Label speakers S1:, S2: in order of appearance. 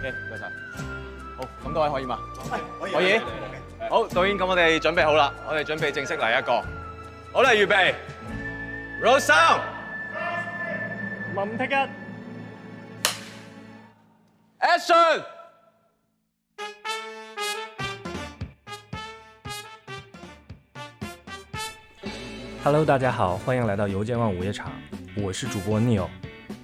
S1: OK，唔該晒！好，咁多位可以嘛？Okay, 可以，可以。好，導演，咁我哋準備好啦，我哋準備正式嚟一個。好啦，預備。Ready。唸聽一。Action。Hello，大家好，歡迎來到油尖旺午夜場，我是主播 Neil。